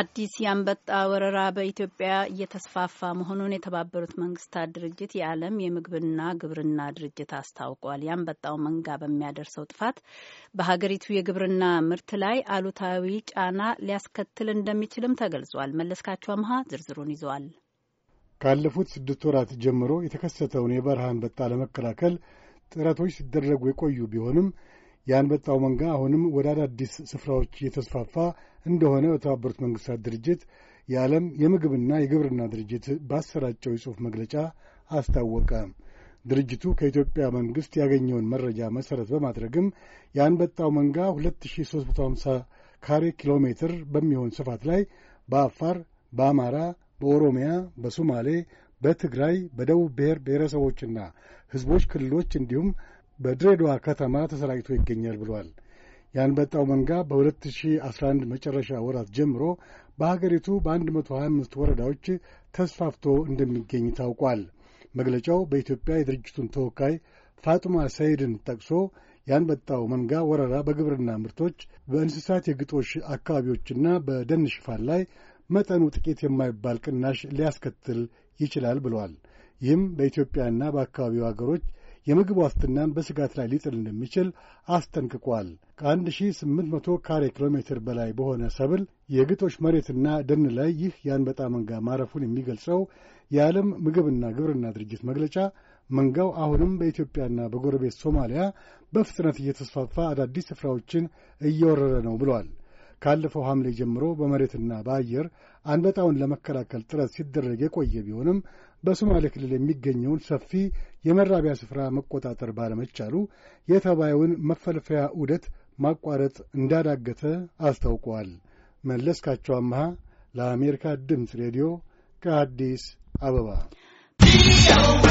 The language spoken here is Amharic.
አዲስ የአንበጣ ወረራ በኢትዮጵያ እየተስፋፋ መሆኑን የተባበሩት መንግስታት ድርጅት የዓለም የምግብና ግብርና ድርጅት አስታውቋል። የአንበጣው መንጋ በሚያደርሰው ጥፋት በሀገሪቱ የግብርና ምርት ላይ አሉታዊ ጫና ሊያስከትል እንደሚችልም ተገልጿል። መለስካቸው አምሃ ዝርዝሩን ይዘዋል። ካለፉት ስድስት ወራት ጀምሮ የተከሰተውን የበረሃ አንበጣ ለመከላከል ጥረቶች ሲደረጉ የቆዩ ቢሆንም የአንበጣው መንጋ አሁንም ወደ አዳዲስ ስፍራዎች እየተስፋፋ እንደሆነ በተባበሩት መንግሥታት ድርጅት የዓለም የምግብና የግብርና ድርጅት ባሰራጨው የጽሑፍ መግለጫ አስታወቀ። ድርጅቱ ከኢትዮጵያ መንግሥት ያገኘውን መረጃ መሠረት በማድረግም የአንበጣው መንጋ 2350 ካሬ ኪሎ ሜትር በሚሆን ስፋት ላይ በአፋር፣ በአማራ፣ በኦሮሚያ፣ በሶማሌ፣ በትግራይ፣ በደቡብ ብሔር ብሔረሰቦችና ሕዝቦች ክልሎች እንዲሁም በድሬዳዋ ከተማ ተሰራጭቶ ይገኛል ብሏል። የአንበጣው መንጋ በ2011 መጨረሻ ወራት ጀምሮ በሀገሪቱ በ125 ወረዳዎች ተስፋፍቶ እንደሚገኝ ታውቋል። መግለጫው በኢትዮጵያ የድርጅቱን ተወካይ ፋጡማ ሰይድን ጠቅሶ የአንበጣው መንጋ ወረራ በግብርና ምርቶች፣ በእንስሳት የግጦሽ አካባቢዎችና በደን ሽፋን ላይ መጠኑ ጥቂት የማይባል ቅናሽ ሊያስከትል ይችላል ብሏል። ይህም በኢትዮጵያና በአካባቢው አገሮች የምግብ ዋስትናን በስጋት ላይ ሊጥል እንደሚችል አስጠንቅቋል። ከ1800 ካሬ ኪሎ ሜትር በላይ በሆነ ሰብል የግጦሽ መሬትና ደን ላይ ይህ የአንበጣ መንጋ ማረፉን የሚገልጸው የዓለም ምግብና ግብርና ድርጅት መግለጫ መንጋው አሁንም በኢትዮጵያና በጎረቤት ሶማሊያ በፍጥነት እየተስፋፋ አዳዲስ ስፍራዎችን እየወረረ ነው ብሏል። ካለፈው ሐምሌ ጀምሮ በመሬትና በአየር አንበጣውን ለመከላከል ጥረት ሲደረግ የቆየ ቢሆንም በሶማሌ ክልል የሚገኘውን ሰፊ የመራቢያ ስፍራ መቆጣጠር ባለመቻሉ የተባዩን መፈልፈያ ዑደት ማቋረጥ እንዳዳገተ አስታውቀዋል። መለስካቸው አምሃ ለአሜሪካ ድምፅ ሬዲዮ ከአዲስ አበባ